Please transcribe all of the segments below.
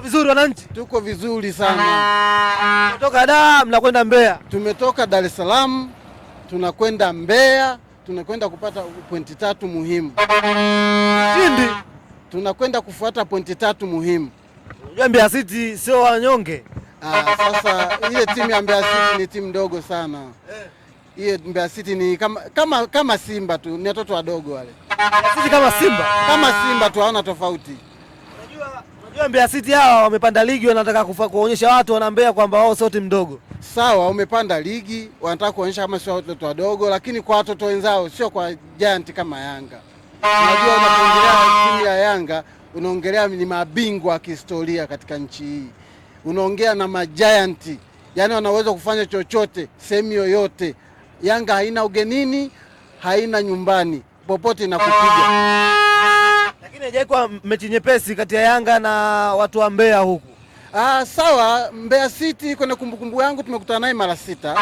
vizuri wananchi? Tuko vizuri sana. Kutoka ah, ah. Dar mnakwenda Mbeya? Tumetoka Dar es Salaam tunakwenda Mbeya, tunakwenda kupata pointi tatu muhimu. Ushindi tunakwenda kufuata pointi tatu muhimu. Unajua Mbeya City sio wanyonge. Aa, ah, sasa ile timu ya Mbeya City ni timu ndogo sana eh. hiyo. Mbeya City ni kama, kama, kama Simba tu, ni watoto wadogo wale. Sisi kama Simba, kama Simba tu hawana tofauti. Unajua Mbeya City hawa wamepanda ligi, wanataka kuonyesha watu wana Mbeya kwamba wao sio timu ndogo. Sawa, wamepanda ligi, wanataka kuonyesha kama sio watoto wadogo, lakini kwa watoto wenzao, sio kwa giant kama Yanga. Unajua unapoongelea timu ya Yanga unaongelea ni mabingwa wa kihistoria katika nchi hii, unaongea na majianti, yani wanaweza kufanya chochote sehemu yoyote. Yanga haina ugenini, haina nyumbani, popote inakupiga haijakuwa mechi nyepesi kati ya Yanga na watu wa Mbeya huku. Ah, sawa, Mbeya City kwenye kumbukumbu yangu tumekutana naye mara sita,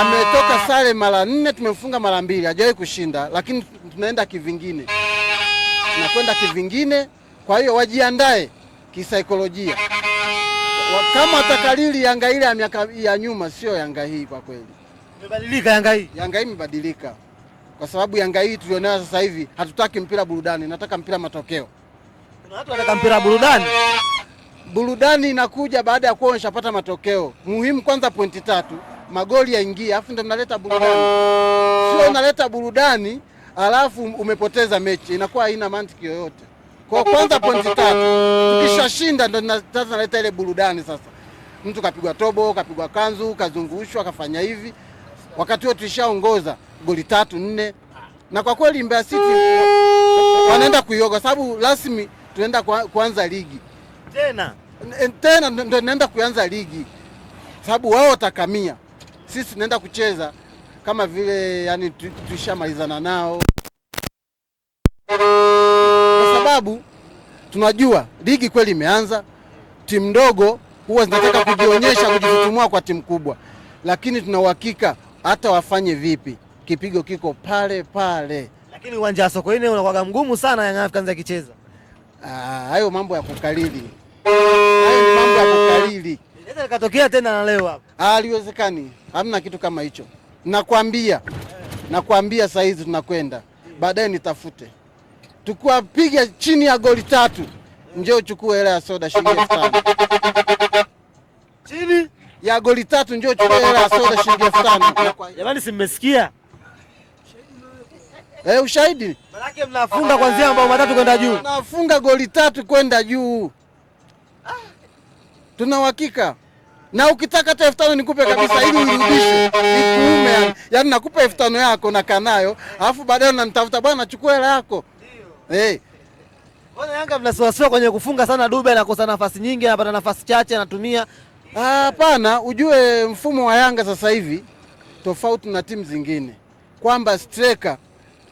ametoka sare mara nne, tumemfunga mara mbili, hajawahi kushinda, lakini tunaenda kivingine, tunakwenda kivingine. Kwa hiyo wajiandae kisaikolojia, kama atakalili Yanga ile ya miaka ya nyuma, sio Yanga hii. Kwa kweli imebadilika, Yanga hii Yanga hii imebadilika kwa sababu Yanga hii tulionayo sasa hivi hatutaki mpira burudani, nataka mpira matokeo. watu wanataka mpira burudani. Burudani inakuja baada ya kuwa umeshapata matokeo. Muhimu kwanza pointi tatu, magoli yaingia, afu ndio mnaleta burudani. Sio unaleta burudani alafu umepoteza mechi, inakuwa haina mantiki yoyote. Kwa kwanza pointi tatu, tukishashinda ndio tunaleta ile burudani sasa. Mtu kapigwa tobo, kapigwa kanzu, kazungushwa, kafanya hivi, wakati huo tulishaongoza goli tatu nne, na kwa kweli Mbeya City wanaenda kuioga, sababu rasmi tunaenda kuanza ligi tena tena, ndo naenda kuanza ligi, sababu wao watakamia, sisi tunaenda kucheza kama vile yani tulishamalizana nao, kwa sababu tunajua ligi kweli imeanza. Timu ndogo huwa zinataka kujionyesha, kujitumua kwa timu kubwa, lakini tuna uhakika hata wafanye vipi kipigo kiko pale pale, lakini uwanja wa Sokoine unakuwa mgumu sana Young Africans akicheza. Ah, hayo mambo ya kukalili, hayo mambo ya kukalili Inaweza ikatokea tena na leo hapa Ah, haliwezekani, hamna kitu kama hicho. Nakwambia, nakwambia saa hizi tunakwenda baadaye, nitafute tukuwapiga chini ya goli tatu, njoo uchukue hela ya soda shilingi elfu tano chini ya goli tatu, njoo uchukue hela ya soda shilingi elfu tano Jamani, simmesikia Eh, ushahidi? Maanake mnafunga ah, kuanzia mabao matatu kwenda juu. Mnafunga goli tatu kwenda juu. Tuna uhakika. Na ukitaka hata elfu tano nikupe kabisa ili urudishe. Nikuume yani. Yaani nakupa elfu tano yako na kanayo, alafu baadaye unanitafuta bwana chukua hela yako. Ndio. Eh. Hey. Bwana Yanga mnasiwasiwa kwenye kufunga sana, Dube anakosa nafasi nyingi, anapata nafasi chache anatumia. Ah, hapana, ujue mfumo wa Yanga sasa hivi tofauti na timu zingine kwamba striker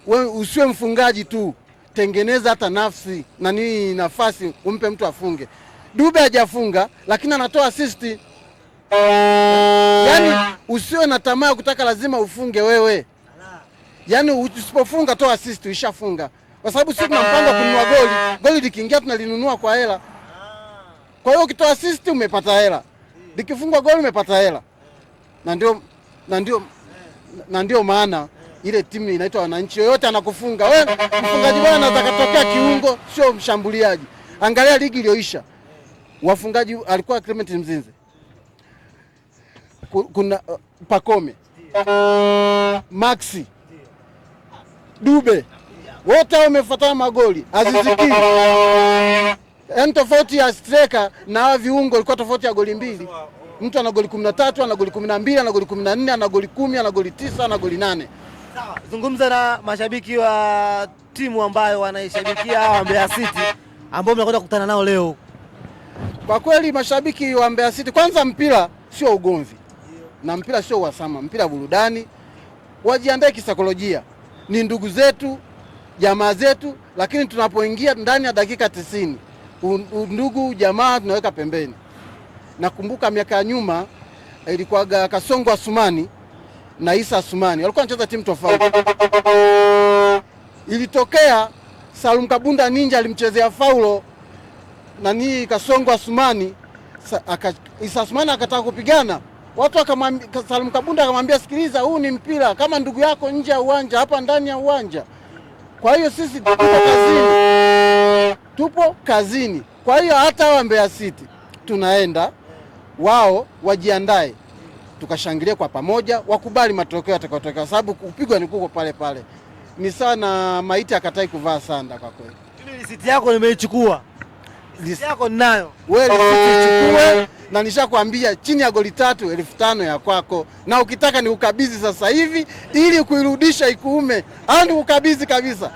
usiwe mfungaji tu, tengeneza hata nafsi na nini nafasi umpe mtu afunge. Dube hajafunga lakini anatoa assist. Yani usiwe na tamaa kutaka lazima ufunge wewe, yani usipofunga toa assist, ushafunga kwa sababu sisi tuna mpango kununua goli. Goli likiingia tunalinunua kwa hela. Kwa hiyo ukitoa assist umepata hela, likifungwa goli umepata hela, na ndio na ndio na ndio maana ile timu inaitwa wananchi, yoyote anakufunga wewe. Mfungaji bwana anaweza katokea kiungo, sio mshambuliaji. Angalia ligi iliyoisha, wafungaji alikuwa Clement Mzinze, kuna uh, Pakome, Maxi, Dube, wote wamefuatana magoli. Aziziki, yaani tofauti ya striker na hawa viungo ilikuwa tofauti ya goli mbili mtu ana goli 13 ana goli 12 ana goli 14 ana goli 10 ana goli 9 ana goli 8. Sawa, zungumza na mashabiki wa timu ambayo wanaishabikia hawa Mbeya City ambao mnakwenda kukutana nao leo. Kwa kweli mashabiki wa Mbeya City, kwanza mpira sio ugomvi na mpira sio uhasama, mpira burudani. Wajiandae kisaikolojia, ni ndugu zetu, jamaa zetu, lakini tunapoingia ndani ya dakika tisini ndugu jamaa tunaweka pembeni. Nakumbuka miaka ya nyuma eh, ilikuwaga Kasongo Asumani na Isa Asumani walikuwa wanacheza timu tofauti. Ilitokea Salum Kabunda Ninja alimchezea faulo nanii Kasongo Asumani aka, Isa Asumani akataka kupigana watu akamwambia, Salum Kabunda akamwambia, sikiliza, huu ni mpira kama ndugu yako nje ya uwanja, hapa ndani ya uwanja. Kwa hiyo sisi tupo kazini, tupo kazini. Kwa hiyo hata hawa Mbeya City tunaenda wao wajiandae tukashangilia kwa pamoja, wakubali matokeo yatakayotokea, sababu kupigwa ni kuko pale pale. Ni na maiti akatai kuvaa sanda. Kwa kweli risiti yako nimeichukua, risiti yako ninayo wewe, risiti oh. na nishakwambia chini ya goli tatu elfu tano ya kwako, na ukitaka ni ukabidhi sasa hivi ili kuirudisha ikuume, ni ukabidhi kabisa.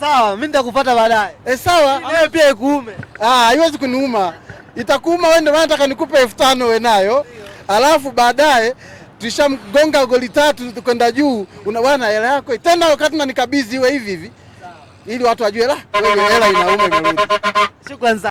Sawa, mimi nitakupata baadaye. Eh, sawa, pia ikuume. Ah, haiwezi kuniuma itakuuma wewe, ndio maana nataka nikupe elfu tano wewe nayo, alafu baadaye tulishamgonga goli tatu kwenda juu, unawana hela yako tena, wakati na nikabidhi iwe hivi hivi, ili watu wajue la, wewe hela inauma. Shukrani.